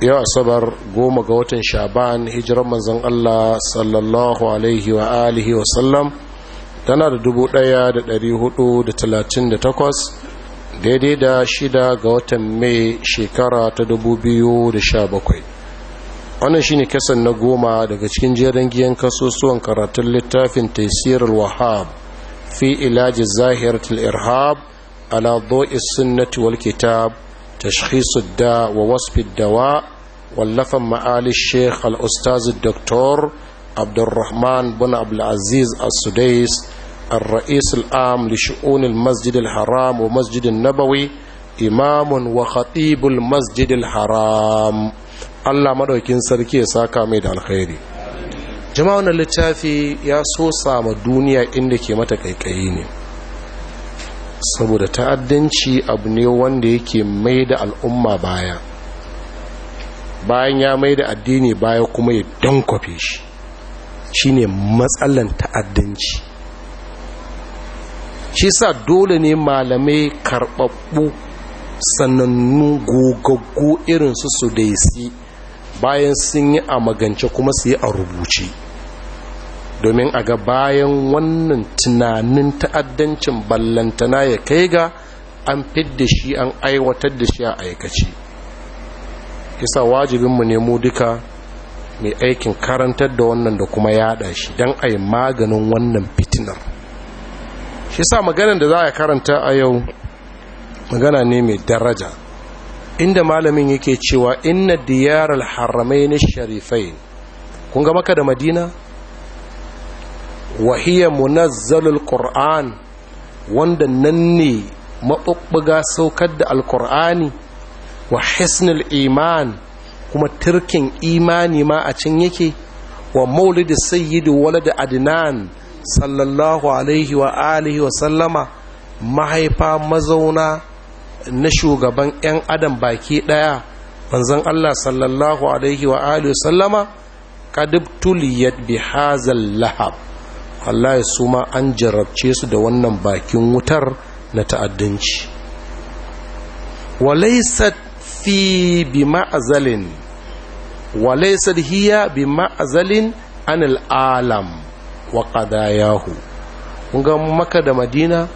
yau asabar goma ga watan shaban hijiran manzon Allah sallallahu alaihi wa alihi wa sallam tana da dubu daya da dari hudu da talatin da takwas daidai da shida ga watan mai shekara ta dubu biyu da sha bakwai wannan shine kasan na goma daga cikin jerin giyan kasusuwan karatun littafin taisir wahab fi ilaji zahir irhab ala dhu'i sunnati wal kitab تشخيص wa ووصف الدواء wallafan ma'ali sheikh al'ustazu doktor abdulrahman bin abdulaziz al-sudais الرئيس العام لشؤون haramu, الحرام nabawi, النبوي إمام وخطيب المسجد Allah maɗaukin sarki ya saka mai da alkhairi jama'an littafi ya so sama duniya inda ke mata kaikayi ne saboda ta'addanci abu ne wanda yake mai da al'umma baya bayan ya mai da addini baya kuma ya kwafe shi shine matsalan ta'addanci shi sa dole ne malamai karɓaɓɓu sanannu gogaggu irinsu su daisi bayan sun yi a magance kuma su yi a rubuce domin a ga bayan wannan tunanin ta'addancin ballantana ya kai ga an fidda shi an aiwatar da shi a aikace yasa wajibinmu ne mu duka mai aikin karantar da wannan da kuma yada shi don a yi maganin wannan fitinar shi sa maganin da za a karanta a yau magana ne mai daraja inda malamin yake cewa inna diyar alharamai na sharifai kun ga maka da madina wahiyya munazzalul qur'an wanda nan ne maɓuɓɓuga saukar da alkur'ani wa hisnul iman kuma turkin imani ma a can yake wa maulidi sayyidu walada adnan sallallahu alaihi wa alihi wa sallama mahaifa mazauna na shugaban 'yan adam baki daya manzon Allah sallallahu alaihi wa alihi wa sallama tuliyat bi hazal lahab Allah su ma an jarabce su da wannan bakin wutar na ta'addanci walaisat fi bi ma'azalin wa laysat hiya bi ma'azalin an al'alam wa qadayahu kun maka da madina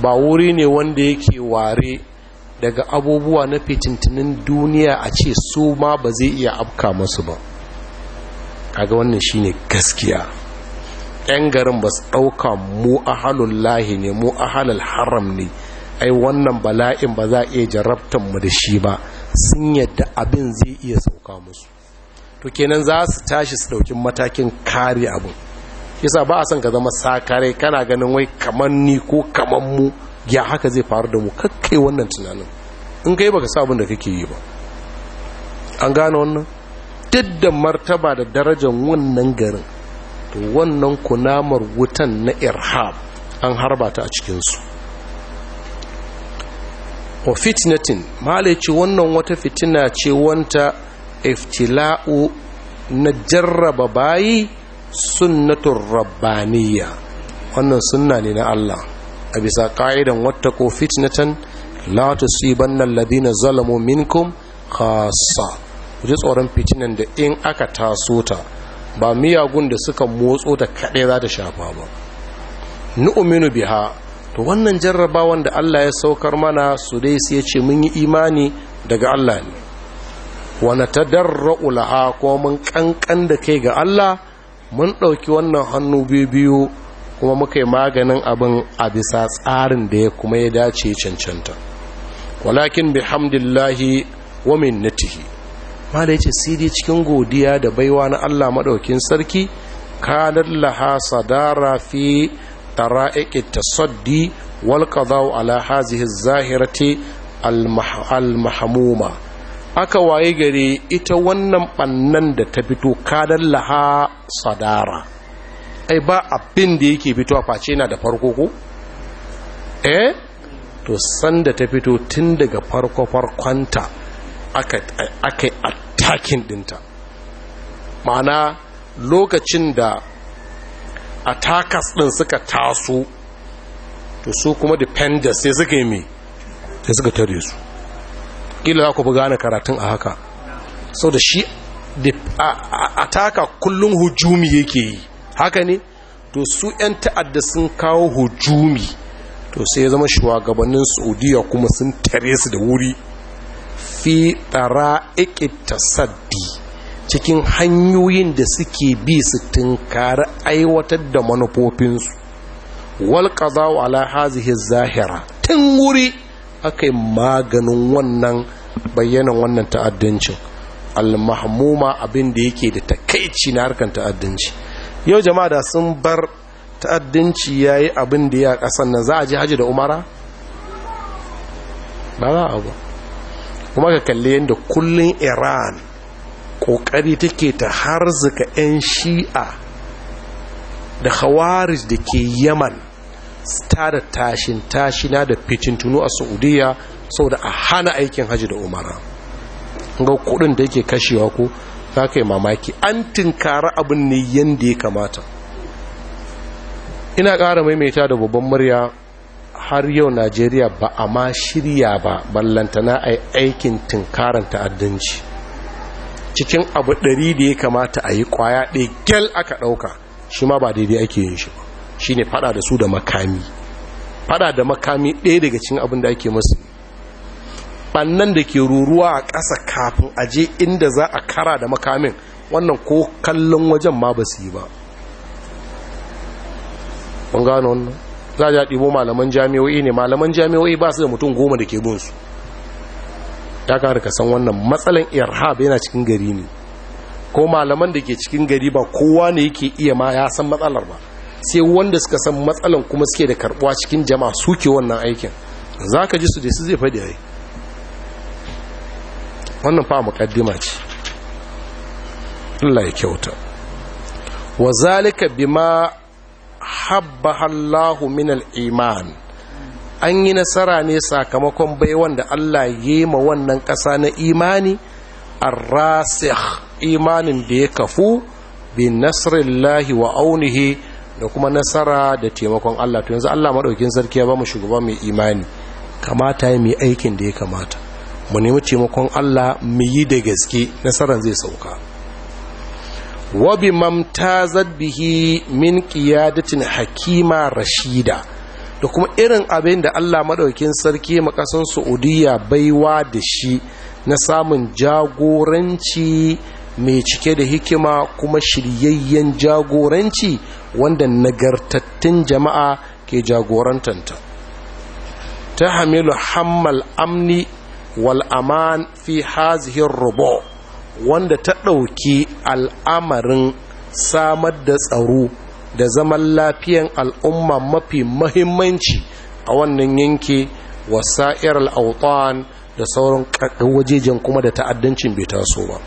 ba wuri ne wanda yake ware daga abubuwa na fitintinin duniya a ce su ma ba zai iya afka masu ba kaga wannan shine gaskiya yan garin ba su ɗauka mu ahalul lahi ne mu ahalul haram ne ai wannan bala'in ba za a iya jarabtar mu da shi ba sun yadda abin zai iya sauka musu to kenan za su tashi su ɗaukin matakin kare abin yasa ba a son ka zama sakare kana ganin wai kamar ni ko kamar mu ya haka zai faru da mu kakkai wannan tunanin in kai baka sa abin da kake yi ba an gane wannan duk da martaba da darajar wannan garin to wannan kunamar wutan na irhab an harbata a cikinsu wa fitnatin ce wannan wata fitina ce wanta iftila'u na jarraba bayi sunnatun rabbaniya wannan sunna ne na Allah a bisa ka'idan wata ko fitnatan la tusibanna alladhina zalamu minkum Khasa. wajen tsoron fitinan da in aka taso ta ba miyagun da suka motso ta kaɗai za ta shafa ba Nu'uminu biha to wannan jarrabawan da Allah ya saukar mana su dai sai ce mun yi imani daga Allah ne wa darra'u laha ko mun kankan da kai ga Allah mun ɗauki wannan hannu biyu kuma muka yi maganin abin a bisa tsarin da ya kuma ya dace cancanta walakin bihamdillahi wa minnatihi da yace sai dai cikin godiya da baiwa na Allah madaukin sarki kanar sadara fi طرائق التصدي والقضاء على هذه الظاهرة المحمومة aka waye gare ita wannan bannan da ta fito kadan laha sadara ai ba abin da yake fito a face na da farko ko eh to san da ta fito tun daga farko farkonta aka aka attacking dinta ma'ana lokacin da attackers din suka taso to su kuma defenders sai suka yi sai suka tare su kila za ku buga na karatun a haka sau da shi ataka kullum hujumi yake yi haka ne to su 'yan ta'adda sun kawo hujumi to sai ya zama shugabannin saudiya kuma sun tare su da wuri fi tsara saddi cikin hanyoyin da suke bi su tunkari aiwatar da manufofinsu wal qada'u ala hazihi zahira tun wuri aka yi maganin wannan bayyanan wannan ta'addancin almahamuma abin da yake da takaici na harkar ta'addanci yau jama'a da sun bar ta'addanci ya abin da ya kasan nan za a je haji da umara ba za a ba kuma ka kalli yadda kullun iran ƙoƙari take ta harzuka 'yan shi'a da khawarij da ke yaman ta da tashin tashina da fitin tunu a saudiya sau da a hana aikin hajji da umara ga kudin da yake kashewa ko za ka yi mamaki an tinkara abin ne yadda ya kamata ina ƙara maimaita da babban murya har yau najeriya ba a ma shirya ba ballantana a aikin tinkaran ta'addanci cikin abu ɗari da ya kamata a yi ƙwaya ɗai, gyal aka ɗauka shi ma ba daidai ake yin shi ba shi ne fada da su da makami fada da makami ɗaya daga cin abin da ake masu ɓannan da ke ruruwa a ƙasa kafin aje inda za a kara da makamin wannan ko kallon wajen ma ba su yi ba ban wannan za a ɗibo malaman jami'o'i ne malaman jami'o'i ba su da mutum goma da ke bin su ya kare ka san wannan matsalan irhab yana cikin gari ne ko malaman da ke cikin gari ba kowa ne yake iya ma ya san matsalar ba sai wanda suka san matsalan kuma suke da karbuwa cikin jama'a suke wannan aikin za ka ji su dai su zai faɗi ai wannan fa mukaddima ce Allah ya kyauta wa zalika bima habbaha Allahu min al-iman an yi nasara ne sakamakon baiwan da Allah ya ma wannan ƙasa na imani ar imanin da ya kafu bi nasrillahi wa aunihi da kuma nasara da taimakon Allah to yanzu Allah madaukin sarki ya ba mu shugaba mai imani kamata ya mai aikin da ya kamata mu nemi taimakon Allah mu yi da gaske nasaran zai sauka wa bi mamtazat bihi min qiyadatin hakima rashida da kuma irin abin da Allah maɗaukin sarki makasan Saudiya baiwa da shi na samun jagoranci mai cike da hikima kuma shiryayyen jagoranci wanda nagartattun jama'a ke jagorantanta ta hamilu hammal amni wal aman fi hazihin rubo wanda ta ɗauki al'amarin samar da tsaro da zaman lafiyan al'umma mafi mahimmanci a wannan yanki wasa'ir al'autan da sauran wajejen kuma da ta'addancin bai taso ba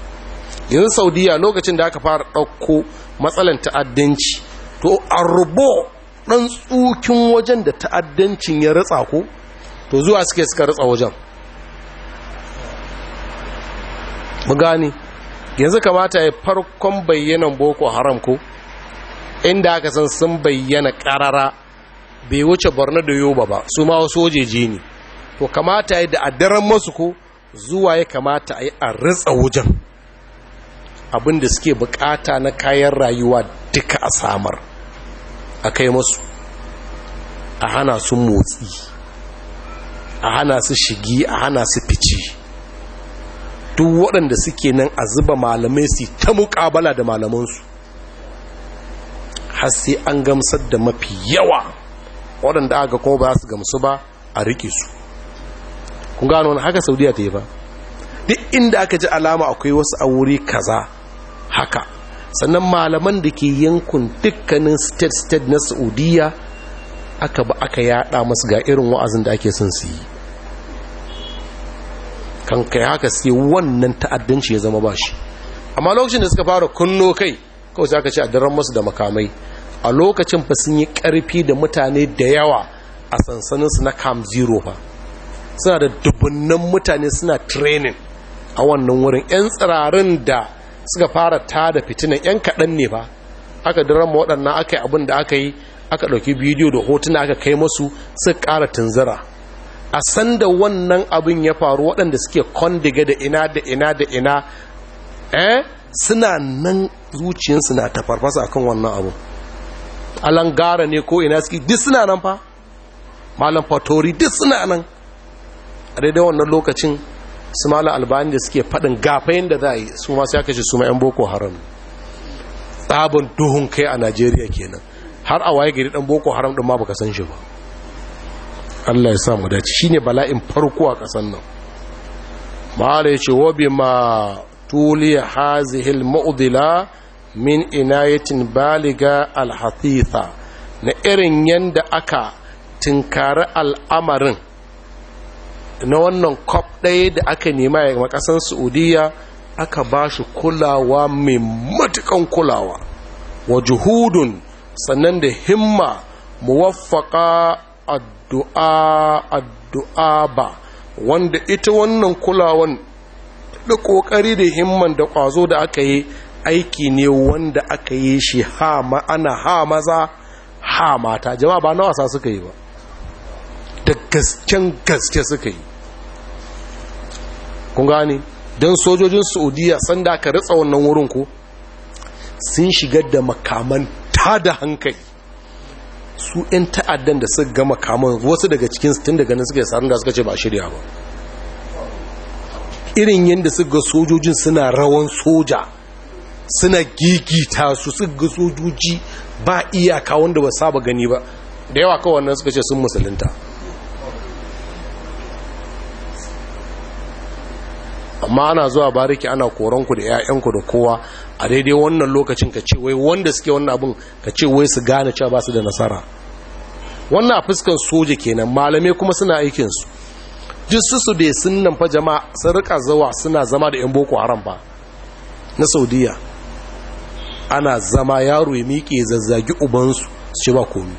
yanzu saudiya lokacin da aka fara ɗauko matsalan ta'addanci to a rubo ɗan tsukin wajen da ta'addancin ya ritsa ko to zuwa suke suka ritsa wajen mu gani yanzu kamata ya farkon bayyanan boko haram ko inda aka san sun bayyana karara bai wuce borno da yoba ba su ma wasu wajeje ne to kamata yi da addaran masu ko zuwa ya kamata a yi a ritsa wajen abinda suke bukata na kayan rayuwa duka a samar a kai masu a hana su motsi a hana su shigi a hana su fice duk waɗanda suke nan a zuba malamai su ta muƙabala da malamansu har sai an gamsar da mafi yawa waɗanda aka ko ba su gamsu ba a rike su kun gano wani haka saudiya ta yi ba duk inda aka ji alama akwai wasu a wuri kaza haka sannan malaman da ke yankun dukkanin state-state na saudiya aka ba aka yada masu ga irin wa'azin da ake son su yi kan kai haka sai wannan ta'addanci ya zama ba shi amma lokacin da suka fara kunno kai kawai sai aka ce a daren masu da makamai a lokacin fa sun yi ƙarfi da mutane da yawa a sansaninsu na camp zero fa suna da dubunan mutane suna training a wannan wurin 'yan tsirarin da suka fara ta da fitinan 'yan kaɗan ne ba aka daren waɗannan aka yi abin da aka yi aka ɗauki bidiyo da hotuna aka kai masu suka ƙara tunzira, a sanda wannan abin ya faru waɗanda suke kondiga da ina da ina da ina eh suna nan zuciyarsu na ta farfasa kan wannan abu alan gara ne ko ina suke duk suna nan fa malam fatori duk suna nan a daidai wannan lokacin su malam albani da suke faɗin gafayin da za a yi su masu ya kashe su ma 'yan boko haram tsabin duhun kai a najeriya kenan har a waye gari dan boko haram din ma baka san shi ba Allah ya sa mu dace shine bala'in farko a kasan nan mala ce wa ma tuli hazihil ma'udila min inayatin baliga alhatitha na irin yadda aka tinkara al'amarin na wannan kwab ɗaya da aka nema ya makasan saudiya aka ba shi kulawa mai matukan kulawa wa juhudun sannan da himma muwaffaka addu'a addu'a ba wanda ita wannan kulawan da ƙoƙari da himman da ƙwazo da aka yi aiki ne wanda aka yi shi hama ana ha maza ha mata jama'a ba na wasa suka yi ba da gasken gaske suka yi kun gani don sojojin saudiya sanda aka ritsa wannan wurin ko sun shigar da makaman da hankali su 'yan ta'addan da suka ga makaman wasu daga cikin tun daga nan suka yi sarin da suka ce ba shirya ba irin yadda su ga sojojin suna rawan soja suna gigita su su sojoji ba iyaka wanda ba saba gani ba da yawa kawai nan suka ce sun musulunta amma ana zuwa bariki ana koronku da 'ya'yanku da kowa a daidai wannan lokacin ka ce wai wanda suke wannan abin ka ce wai su gane cewa ba su da nasara wannan a fuskan soja kenan malamai kuma suna aikinsu duk su su dai sun nan fa jama'a sun rika zawa suna zama da yan boko haram ba na saudiya ana zama yaro ya miƙe zazzagi ubansu su ce ba komi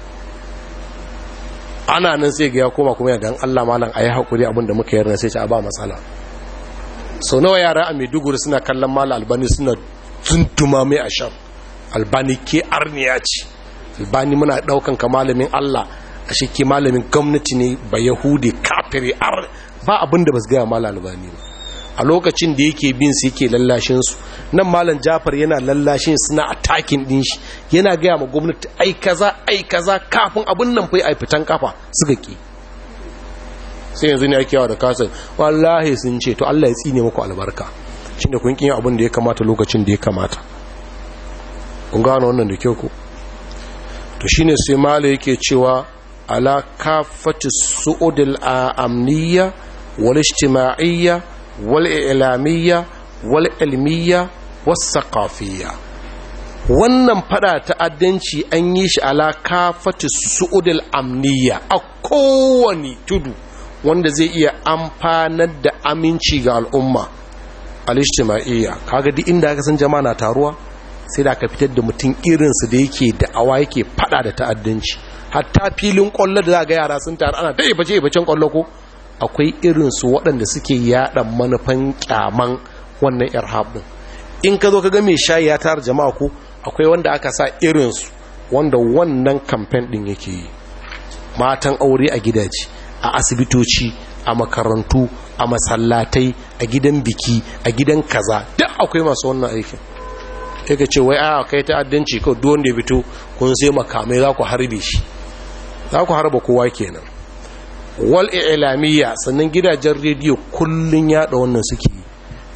ana nan sai ga ya koma kuma ya Allah malam ayi hakuri abin da muka yarda sai ce a ba matsala sau nawa yara a maiduguri suna kallon Malam albani suna tuntuma mai a sham albani ke arniya ce albani muna daukan ka malamin Allah a shi malamin gwamnati ne ba yahudi kafiri ar ba abin da ba su gaya mala albani ba a lokacin da yake bin su yake lallashin su nan malam jafar yana lallashin suna takin din shi yana gaya ma gwamnati ai kaza ai kaza kafin abin nan fai ai fitan kafa suka ke sai yanzu ne ake yawa da kasar wallahi sun ce to Allah ya tsine muku albarka da kun kin abin da ya kamata lokacin da ya kamata kun gano wannan da kyau ko to shine sai Malam yake cewa على كافة su'udil الأمنية والاجتماعية والإعلامية wal والثقافية wannan fada ta'addanci an yi shi ala kafatu su'udul amniya a kowane tudu wanda zai iya amfanar da aminci ga al'umma alishtima'iyya Ka kaga duk inda aka san jama'a na taruwa sai da aka fitar da mutum irinsu da yake da'awa yake fada da ta'addanci hatta filin kwallo da za ga yara sun taru ana ta ibace bacen kwallo ko akwai irin su waɗanda suke yaɗa manufan kyaman wannan irhab din in ka zo ka ga mai shayi ya tar jama'a ko akwai wanda aka sa irin su wanda wannan kamfen din yake yi matan aure a gidaje a asibitoci a makarantu a masallatai a gidan biki a gidan kaza duk akwai masu wannan aikin sai ka ce wai a ah, kai ta ta'addanci kawai duk wanda ya fito kun sai makamai za ku harbe shi za ku harba kowa kenan wal ilamiya sannan gidajen rediyo kullun yada wannan suke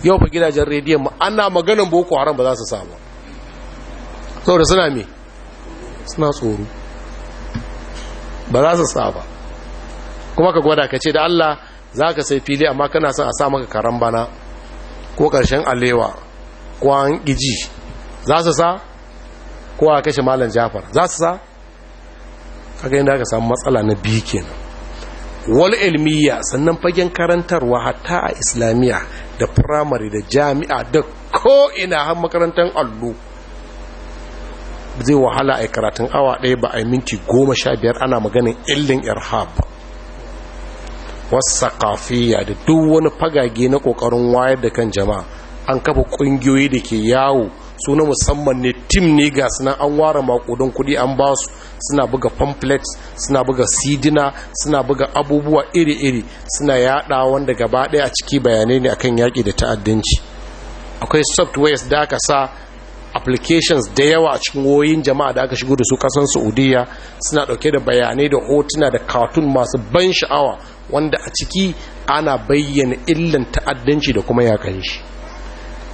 yau fa gidajen rediyo mu ana maganan boko haram ba za su samu saboda suna me suna tsoro ba za su saba kuma ka gwada ka ce da Allah za ka sai fili amma kana son a sa maka karan bana ko karshen alewa ko an za su sa ko a kashe malam jafar za su sa kaga yadda aka samu matsala na biyu kenan wal ilmiya sannan fagen karantarwa hatta a islamiyya da firamare da jami'a da ko'ina har makarantar allo zai wahala a karatun awa ɗaya ba a yi minti goma sha biyar ana maganin illin irhab wasu kafiya da duk wani fagage na ƙoƙarin wayar da kan jama'a an kafa ƙungiyoyi da ke yawo su na musamman ne tim ne ga suna an ware makudin kudi an ba su suna buga pamphlet suna buga sidina suna buga abubuwa iri-iri suna yada wanda gaba daya a ciki bayanai ne akan yaki da ta'addanci akwai softwares da aka sa applications da yawa a cikin wayoyin jama'a da aka shigo da su kasan saudiya suna dauke da bayanai da hotuna da katun masu ban sha'awa wanda a ciki ana bayyana illan ta'addanci da kuma yakan shi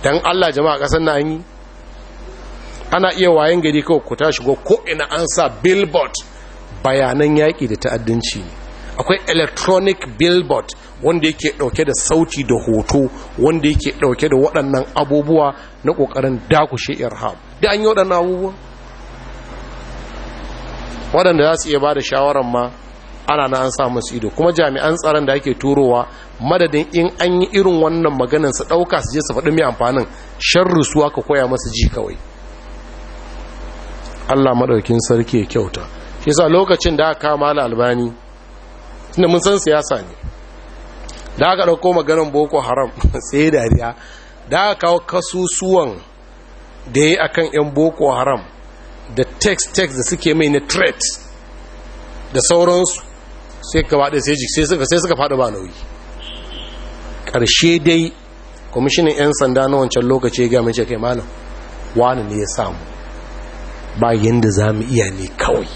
don allah jama'a kasan na yi ana iya wayan gari kawai ku tashi go ko ina an sa billboard bayanan yaƙi da ta'addanci ne akwai electronic billboard wanda yake ɗauke da sauti da hoto wanda yake ɗauke da waɗannan abubuwa na ƙoƙarin dakushe irham da an yi waɗannan abubuwa waɗanda za su iya ba da shawarar ma ana na an sa masu ido kuma jami'an tsaron da ake turowa madadin in an yi irin wannan maganin su ɗauka su je su faɗi mai amfanin sharri su aka koya masa ji kawai Allah maɗaukin sarki ya kyauta shi yasa lokacin da aka kama albani tunda mun san siyasa ne da aka dauko maganar boko haram sai dariya da aka kawo kasusuwan da yayi akan yan boko haram da text text da suke mai na threat da sauransu sai ka faɗi sai sai suka faɗi ba nauyi ƙarshe dai kwamishinan 'yan sanda na wancan lokaci ya gami ce kai malam wani ne ya samu ba yadda za mu iya ne kawai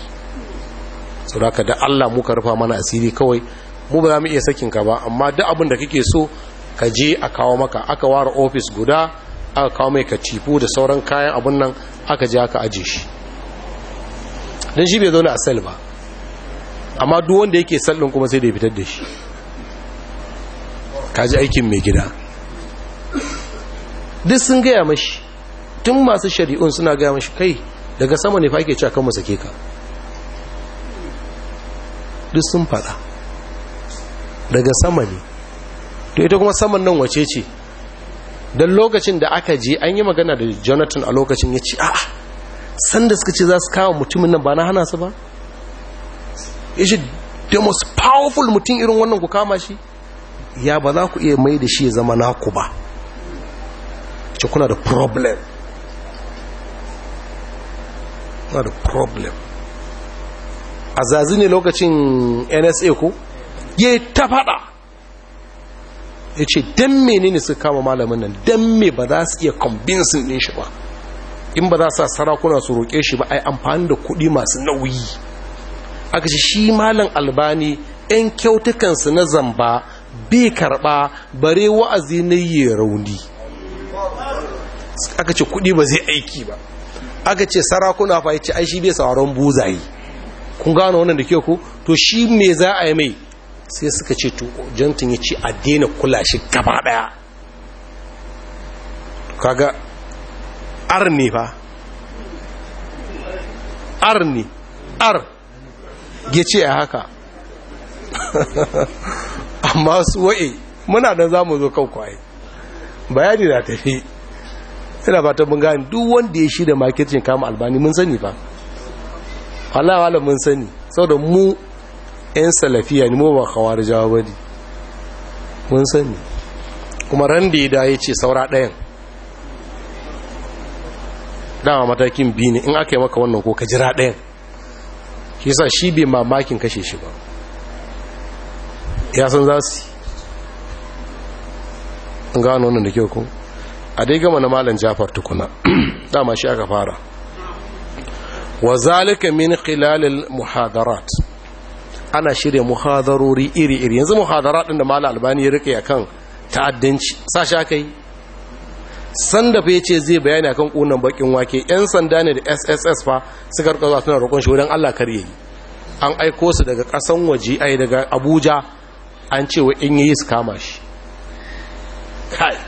sau da ka da allah muka rufa mana asiri kawai mu ba za mu iya sakin ka ba amma duk abin da kake so ka je a kawo maka aka ware ofis guda aka kawo mai katifu da sauran kayan abin nan aka je aka aje shi don shi bai zo a sel ba amma duk wanda yake sel ɗin kuma sai da fitar da shi Ka ji aikin mai gida duk sun gaya mashi tun masu shari'un suna gaya mashi kai daga sama ne fa ake cewa kan musake sake ka duk sun faɗa daga sama ne to ita kuma saman nan wace ce don lokacin da aka je an yi magana da jonathan a lokacin ya ce a'a sanda suka ce za su kawo mutumin nan ba na hana su ba ya ce the most powerful mutum irin wannan ku kama shi ya ba za ku iya mai da shi zama naku ba ce kuna da problem na da problem a zazi ne lokacin nsa ko ya ta fada ya ce don mene ne su kama malamin nan don me ba za su iya convincing din shi ba in ba za su sarakuna su roƙe shi ba a yi amfani da kuɗi masu nauyi aka ce shi malam albani 'yan kyautukansu na zamba bi karɓa bare wa'azi na yi rauni aka ce kuɗi ba zai aiki ba aka ce sarakuna fa yace ai shi bai sauraron buzayi kun gano wannan da ke ku to shi me za a yi mai sai suka ce to jantin ya ce a daina kula shi gaba daya kaga ne fa ne ar ya ce a haka amma su wa'i muna da zamu zo kawai kwaye bayani na tafi yana fatan mun gane duk wanda ya shirya marketing kama albani mun sani ba wallahi mun sani saboda mu yan salafiya ne mu ba kawar bane mun sani kuma ran da ya da ya ce saura ɗayan dama matakin biyu ne in aka yi maka wannan ko ka jira ɗayan shi sa shi bai mamakin kashe shi ba ya san za su yi gano wannan da kyau kuma a dai gama na malam jafar tukuna dama shi aka fara wa zalika min al muhadarat ana shirya muhadarori iri-iri yanzu muhadarat din da malam albani ya rike akan ta'addanci sashi akai yi sanda fa yace zai bayani akan kunan bakin wake yan sanda ne da SSS fa suka rika zuwa suna roƙon shi wurin Allah kare an aiko su daga ƙasan waje ai daga Abuja an ce in yi su kama shi kai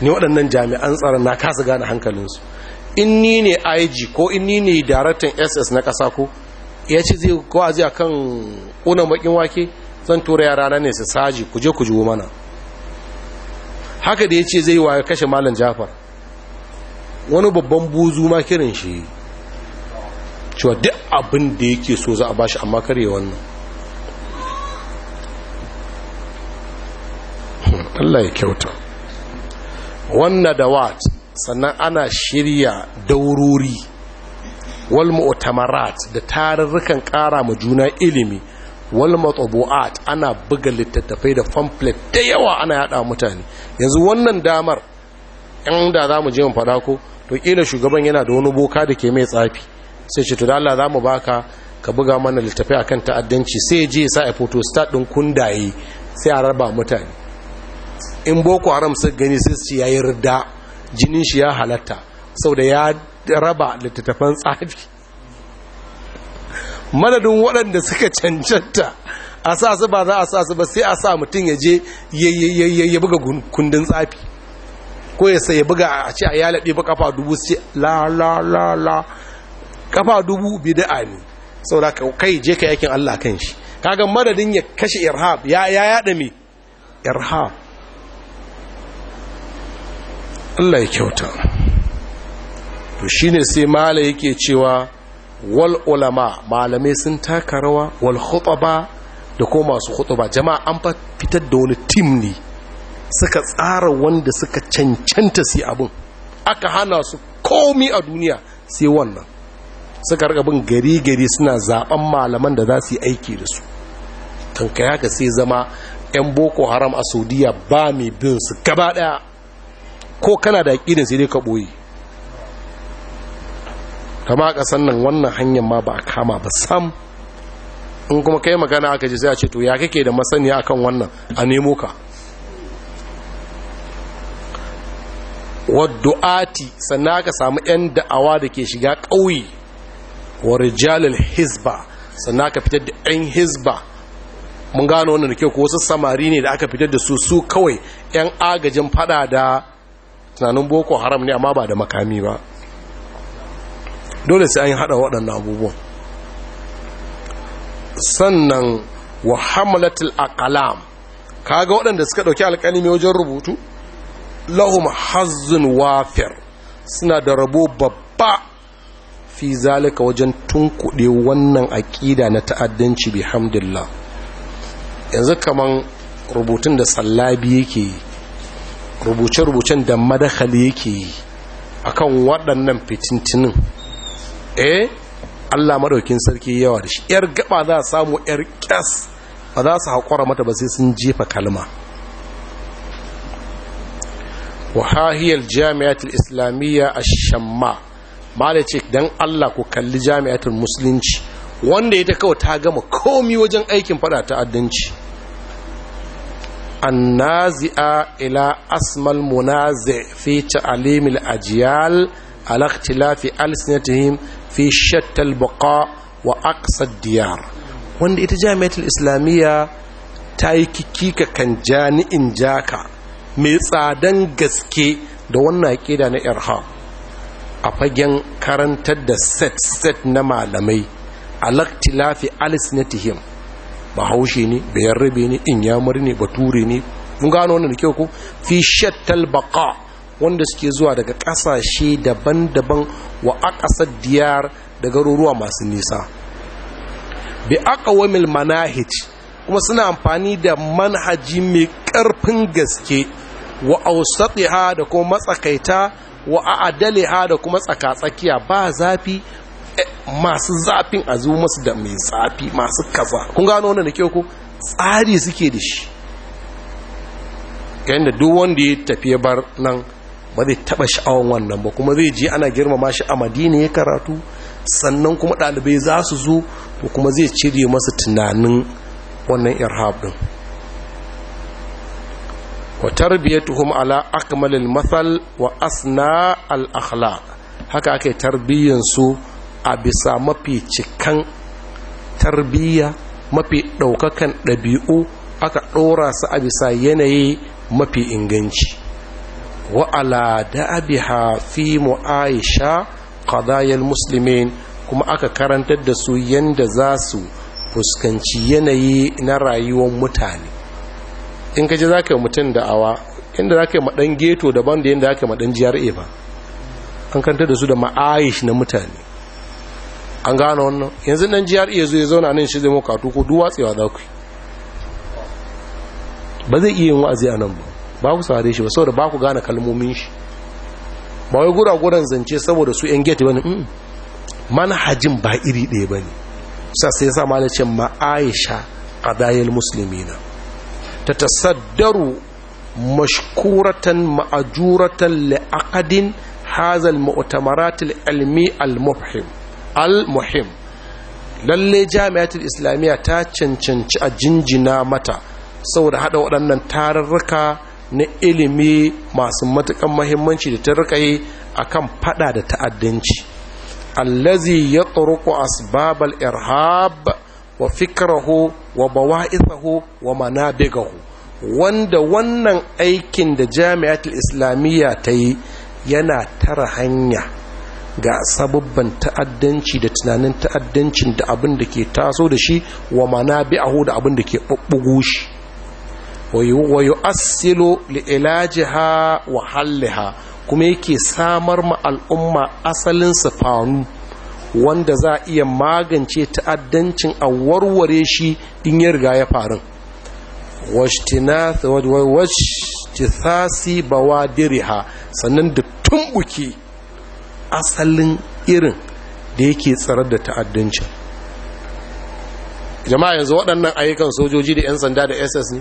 Ne waɗannan jami'an tsaron na kasa gane hankalinsu in ni ne IG ko in ni ne daraktan SS na ƙasa ko ya ce zai kowa zai kan ƙunan bakin wake zan tura yara na ne su saji kuje kuje ku mana haka da ya ce zai wa kashe malam jafar wani babban buzu ma kirin shi cewa duk abin da yake so za a bashi amma kare wannan hmm, Allah ya kyauta wannan da wat sannan ana shirya daurori wal da tarurrukan kara ma juna ilimi wal ana buga littattafai da pamphlet da yawa ana yada mutane yanzu wannan damar in da zamu je mu fada ko to kila shugaban yana da wani boka da ke mai tsafi sai ce to da Allah zamu baka ka buga mana littafai akan ta'addanci sai je sa a din kundaye sai a raba mutane in boko haram sun gani sai su ya yarda jinin shi ya halatta sau da ya raba littattafan tsafi madadin waɗanda suka cancanta a sa su ba za a sa su ba sai a sa mutum ya je ya buga kundin tsafi ko ya sai ya buga a ce a yalaɓe ba kafa dubu sai la la la kafa dubu bida'a ne sau da kai je ka yakin allah kan shi kagan madadin ya kashe irhab ya yada mai irhab Allah ya kyauta to shine sai mala yake cewa wal ulama malamai sun taka rawa wal khutaba da ko masu khutaba jama'a an fa fitar da wani tim ne suka tsara wanda suka cancanta su abun. aka hana su komi a duniya sai wannan suka rika bin gari gari suna zaben malaman da za su yi aiki da su kankaya ka sai zama 'yan boko haram a saudiya ba mai bin su gaba daya ko kana da aƙidin sai dai ka ɓoye kama a ƙasan nan wannan hanyar ma ba a kama ba sam in kuma kai magana aka ji sai a ce to ya kake da masaniya akan wannan a nemo ka waddu'ati sannan aka samu 'yan da'awa da ke shiga ƙauye wa rijalil hisba sannan aka fitar da 'yan hisba mun gano wannan da kyau ko wasu samari ne da aka fitar da su su kawai 'yan agajin fada da tunanin boko haram ne amma ba da makami ba dole sai an yi hada waɗannan abubuwan sannan wa hamlatul aqlam kaga waɗanda suka dauki alƙalimi wajen rubutu lahum hazzun wafir suna da rabo babba fi zalika wajen tunkuɗe wannan aƙida na ta'addanci bihamdillah yanzu kaman rubutun da sallabi yake yi rubuce-rubucen da madakali yake yi akan waɗannan fitintinin eh Allah maɗaukin sarki yawa da shi yar gaba za a samu yar kyas ba za su haƙura mata ba sai sun jefa kalma wahahiyar jami'atul islamiyya a shamma da ce don Allah ku kalli jami'atul musulunci wanda ya ta kawo ta gama komi wajen aikin fada ta'addanci annazi'a ila asmal munazi fi alimil ajiyal ala ikhtilafi alsinatihim fi shattal baqa wa aqsa diyar wanda ita jami'atul islamiyya ta yi kikika kan jani'in jaka mai tsadan gaske da wannan aƙida na irham a fagen karantar da set set na malamai alaktilafi alisnatihim Ba bahaushe ne ba bayarrabe ne mari ne ba ture ne mun gano wannan da kyau ko fi shattal baqa wanda suke zuwa daga kasashe daban-daban wa aqasad diyar da garuruwa masu nisa bi aqwamil manahij kuma suna amfani da manhaji mai karfin gaske wa ausatiha da kuma matsakaita wa adaliha da kuma tsaka-tsakiya ba zafi masu zafin a zo masu da mai zafi masu kaza kun gano wannan da kyau ku tsari suke da shi yadda duk wanda ya tafi bar nan ba zai taba sha'awan wannan ba kuma zai je ana girmama shi a madina ya karatu sannan kuma ɗalibai za su zo to kuma zai cire masu tunanin wannan irhab din wa tarbiyatuhum ala akmalil mathal wa asna al akhlaq haka ake tarbiyyar su a bisa mafi cikan tarbiyya mafi ɗaukakan ɗabi'u aka ɗora su a bisa yanayi mafi inganci wa'ala da abiha fi mu'aisha ƙadayen musulmin kuma aka karantar da su yadda za su fuskanci yanayi na rayuwar mutane in ka za ka yi mutum da awa inda za ka yi maɗan geto daban da yadda za ka yi maɗan jra ba an kanta da su da ma'aish na mutane an gane wannan yanzu nan jihar iya e zo ya zauna nan shi zai muka tuko duwatsewa za ku ba zai iya yin wa'azi a nan ba ba ku saurare shi ba saboda ba ku gane kalmomin shi ba wai gura-guran zance saboda su yan gate bane manhajin ba iri ɗaya bane sa sai sa malacin ma'aisha qadayil muslimina tatasaddaru mashkuratan ma'ajuratan li'aqadin hazal mu'tamaratil ilmi al-mubhim al-muhim lalle jami'atul islamiyya ta cancanci a jinjina mata saboda hada waɗannan tararruka na ilimi masu matukan mahimmanci da ta rika yi akan fada da ta'addanci allazi ya turuku asbabal irhab wa fikrahu wa bawa'isahu wa manabigahu wanda wannan aikin da jami'atul islamiyya ta yi yana tara hanya ga sababban ta'addanci da tunanin ta'addancin da abin da ke taso da shi wa mana bi'ahu da abin da ke ɓuɓɓugu shi wa Asilo li'ilaji ha wa ha kuma yake samar ma al'umma asalin sufanu wanda za a iya magance ta'addancin a warware shi in ya riga ya faru wajtithasi ha, sannan da tumbuki asalin irin da yake tsarar da ta'addancin jama'a yanzu waɗannan ayyukan sojoji da 'yan sanda da ss ne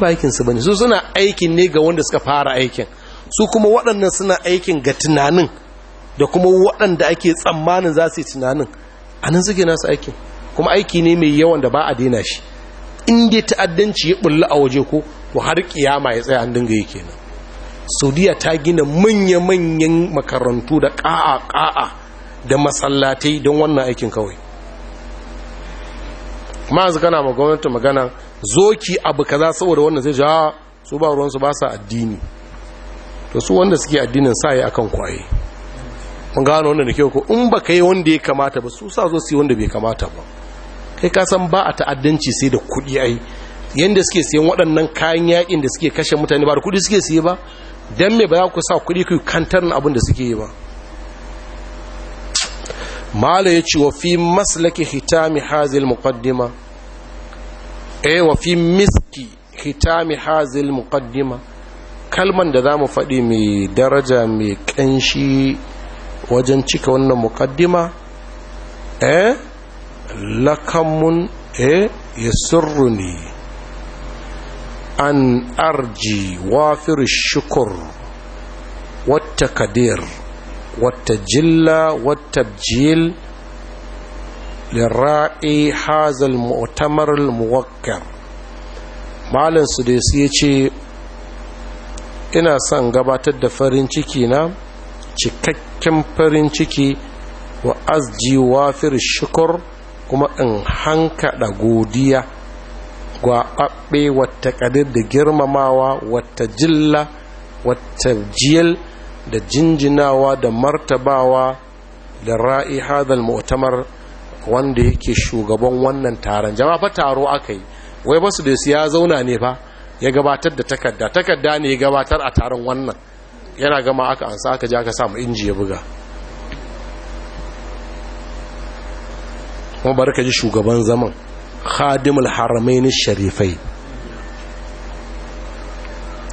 ba aikinsu ba ne su suna aikin ne ga wanda suka fara aikin su kuma waɗannan suna aikin ga tunanin da kuma waɗanda ake tsammanin za su yi tunanin a nan suke nasu aikin kuma aiki ne mai yawan da ba a daina shi in ta'addanci ya bulla a waje ko to har ƙiyama ya tsaya an dinga yi kenan saudiya ta gina manya-manyan makarantu da ƙa'a-ƙa'a da masallatai don wannan aikin kawai yanzu kana ma gwamnati magana zoki abu kaza saboda wannan zai ja su ba ruwansu ba sa addini to su wanda suke addinin sa yi akan kwaye mun gano wanda da kyau ko in ba yi wanda ya kamata ba su sa zo su yi wanda bai kamata ba kai ka san ba a ta'addanci sai da kuɗi ai yanda suke siyan waɗannan kayan yakin da suke kashe mutane ba da kuɗi suke siye ba don me ba za ku sa kuɗi ku kantar abin da suke yi ba mala ya ce wa fi maslaki hitami hazil muqaddima eh wa fi miski hitami hazil muqaddima kalman da za mu faɗi mai daraja mai ƙanshi wajen cika wannan muqaddima eh lakamun eh ya surru an arji wafir shukur wata kadir wata jilla wata jil lira'i hazal mu'tamar muwakkar malin su dai ya ce ina son gabatar da farin ciki na cikakken farin ciki wa azji wafir shukur kuma in hankaɗa godiya gwaɓaɓɓe wata ƙadir da girmamawa wata jilla wata jiyal da jinjinawa da martabawa da ra'i hadal mu'tamar wanda yake shugaban wannan taron jama'a fa taro aka yi wai basu da su ya zauna ne fa ya gabatar da takarda takarda ne ya gabatar a taron wannan yana gama aka ansa aka ji aka samu inji ya buga kuma bari ji shugaban zaman khadimul haramain sharifai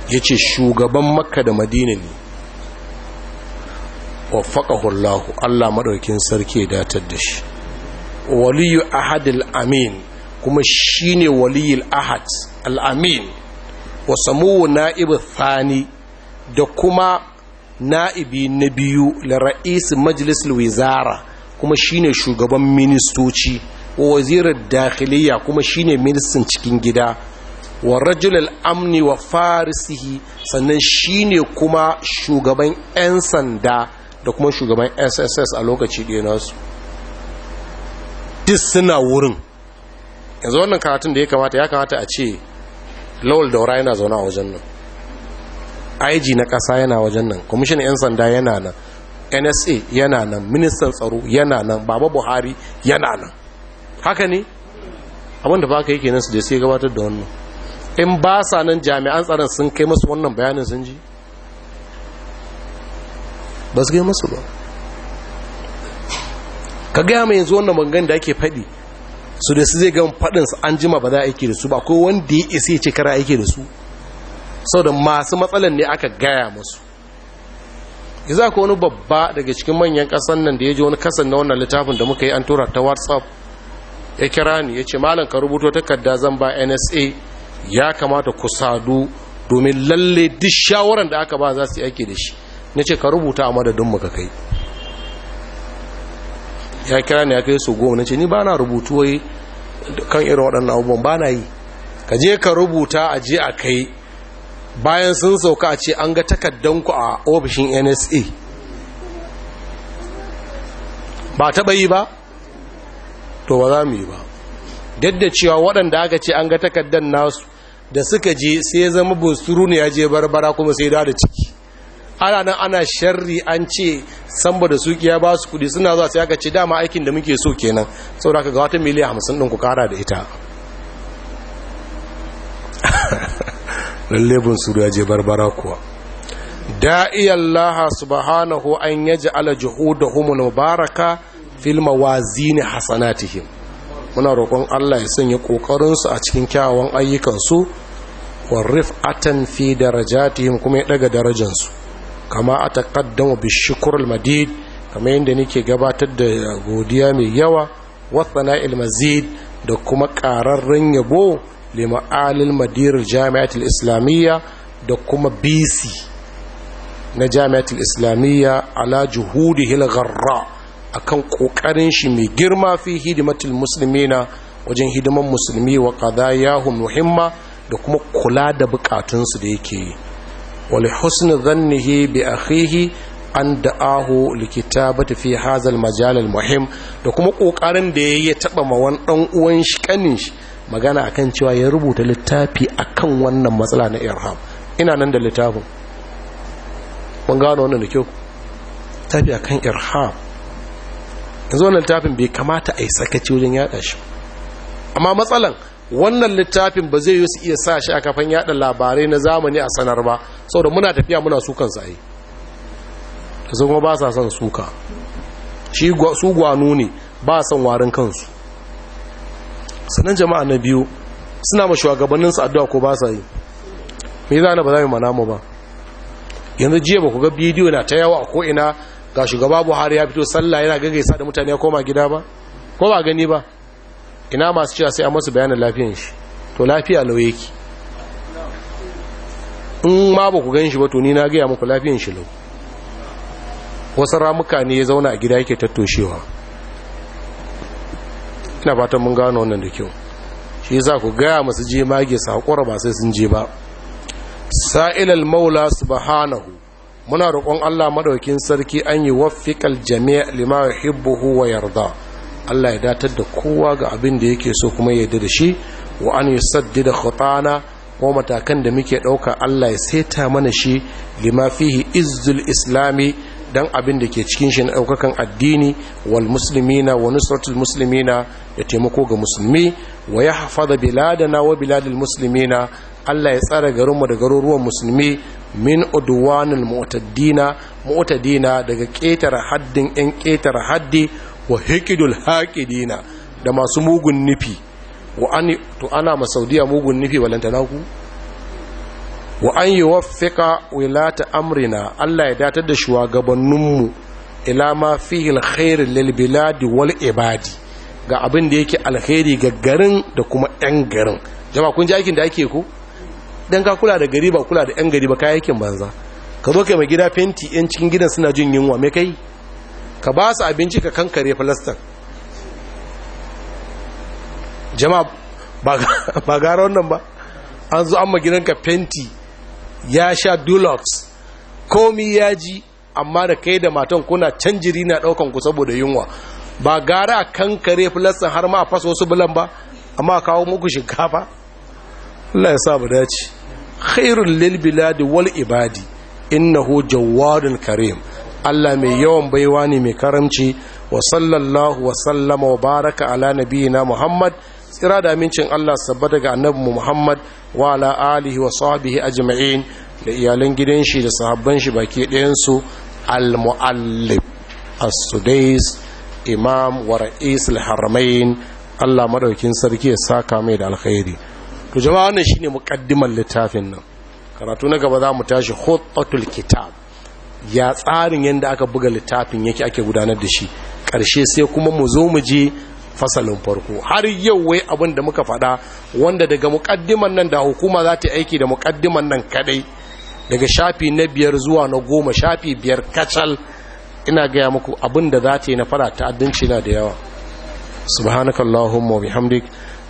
yace shugaban makka da madina ne waffaqahu Allah Allah madaukin sarki ya datar da shi waliyu al amin kuma shine waliyul ahad al amin wa samu Sani thani da kuma na'ibi na biyu la ra'is majlis wizara kuma shine shugaban ministoci wa wazirar dakiliya kuma shine ministan cikin gida wa rajulal amni wa farisihi sannan shine kuma shugaban 'yan sanda da kuma shugaban sss a lokaci ɗaya nasu duk suna wurin yanzu wannan karatun da ya kamata ya kamata a ce lawal daura yana zaune a wajen nan IG na ƙasa yana wajen nan kwamishin 'yan sanda yana nan nsa yana nan ministan tsaro yana nan baba buhari yana nan haka ne abinda ba ka yi kenan su da sai gabatar da wannan in ba sa nan jami'an tsaron sun kai masu wannan bayanin sun ji ba su gai masu ba ka gaya mai yanzu wannan bangan da ake faɗi su da su zai gan su an jima ba za a aiki da su ba ko wanda ya isi ce kara aiki da su sau da masu matsalan ne aka gaya masu za ka wani babba daga cikin manyan ƙasan nan da ya ji wani kasan na wannan littafin da muka yi an tura ta whatsapp ya kira ni ya ce malam ka rubuto takarda zan ba nsa ya kamata ku sadu domin lalle duk shawaran da aka ba za su yake da shi na ce ka rubuta a madadin mu ka kai ya kira ni ya kai su goma na ce ni ba na rubutu wai kan irin waɗannan abubuwan ba na yi ka je ka rubuta a je a kai bayan sun sauka a ce an ga ku a ofishin nsa ba taɓa yi ba to ba za mu yi ba duk da cewa waɗanda aka ce an ga takardar nasu da suka je sai ya zama busturu ne ya je barbara kuma sai da da ciki ana nan ana sharri an ce samba da suki ya ba su kudi suna zuwa sai aka ce dama aikin da muke so kenan saboda ka ga wata miliyan hamsin ɗin ku kara da ita lalle suru ya je barbara kuwa da'iyallaha subhanahu an yaji ala juhudahumul mubaraka fil mawazini hasanatihim muna roƙon Allah ya sanya ƙoƙarinsu a cikin kyawawan ayyukansu wa atan fi darajatihim kuma ya daga darajansu kama a taƙaddama bi Bishikur madid kama yadda nake gabatar da godiya mai yawa wasana ilmazid da kuma ƙararren yabo lima'alil madir jami'atul islamiyya da kuma bc na jami'atul islamiyya ala juhudi gharra akan ƙoƙarin shi mai girma fi hidimatul na wajen hidiman musulmi wa yahun muhimma da kuma kula da buƙatunsu da yake yi wal husni dhannihi bi akhihi an likita likitabati fi hazal majalal muhim da kuma kokarin da yayi taba ma wani dan uwan shi kanin shi magana kan cewa ya rubuta littafi a kan wannan matsala na irham ina nan da littafin mun gano wannan da kyau littafi kan irham yanzu wannan littafin bai kamata a yi sakaci wajen yada shi amma matsalan wannan littafin ba zai yi su iya sa shi a kafan yada labarai na zamani a sanar ba saboda muna tafiya muna sukan sa yi da kuma ba sa son suka shi su gwanu ne ba son warin kansu sanan jama'a na biyu suna ma shugabanninsu addu'a ko ba sa yi me za na ba za mu mana mu ba yanzu jiya ba ku ga bidiyo na ta yawa ko ina. ga shugaba buhari ya fito sallah yana gaggaisa da mutane ya koma gida ba ko ba gani ba ina masu cewa sai an masu bayanin lafiyan shi to lafiya lau yake in ma ba ku gan shi ba to ni na gaya muku lafiyan shi lau wasu ramuka ne ya zauna a gida yake tattoshewa ina fatan mun gano wannan da kyau shi za ku gaya masu je mage su haƙura ba sai sun je ba sa'ilal maula subhanahu muna roƙon Allah maɗaukin sarki an yi waffiqal jami' lima wa yarda Allah ya datar da kowa ga abin da yake so kuma ya yarda da shi wa an da khutana ko matakan da muke ɗauka Allah ya saita mana shi lima fihi izzul islami dan abin da ke cikin shi na ɗaukakan addini wal musulmina wa nusratul musulmina, ya taimako ga musulmi wa ya hafaza biladana wa biladil musulmina. Allah ya tsara garinmu da garuruwan musulmi min udwanul mu'taddina mu'taddina daga ƙetare haddin 'yan ƙetare haddi wa hikidul haqidina da masu mugun nufi wa an to ana ma saudiya mugun nufi balantana ku wa an yuwaffiqa wilata amrina Allah ya datar da shugabanninmu ila ma fihi alkhair lil biladi wal ibadi ga abin da yake alkhairi ga garin da kuma 'yan garin jama'a kun ji aikin da ake ku dan ka kula da gari ba kula da yan gari ba kayayyakin banza ka zo kai mai gida fenti ƴan cikin gidan suna jin yunwa mai kai ka ba su abinci ka kankare falastan jama'a ba gara wannan ba an zo an ma ka fenti ya sha dulux komi ya ji amma da kai da matan kuna canjiri na daukan ku saboda yunwa ba gara a kankare filasta har ma a faso wasu bulan ba amma kawo muku shinkafa Allah ya sa dace khairul lil biladi wal ibadi innahu jawwadun karim Allah mai yawan baiwa ne mai karamci wa sallallahu wa sallama wa baraka ala nabiyina Muhammad tsira da amincin Allah sabbata ga Muhammad wa ala alihi wa sahbihi ajma'in da iyalan gidan shi da sahabban shi baki ɗayan su al-muallib as-sudais imam wa ra'is al-haramain Allah madaukin sarki ya saka mai da alkhairi to jama'a wannan shine muqaddimar littafin nan karatu na gaba za mu tashi khutatul kitab ya tsarin yadda aka buga littafin yake ake gudanar da shi karshe sai kuma mu zo mu je fasalin farko har yau wai abin da muka faɗa wanda daga muƙaddiman nan da hukuma za ta aiki da muƙaddiman nan kadai daga shafi na biyar zuwa na goma shafi biyar kacal ina gaya muku abin da za ta yi na fara ta'addanci na da yawa subhanakallahumma wa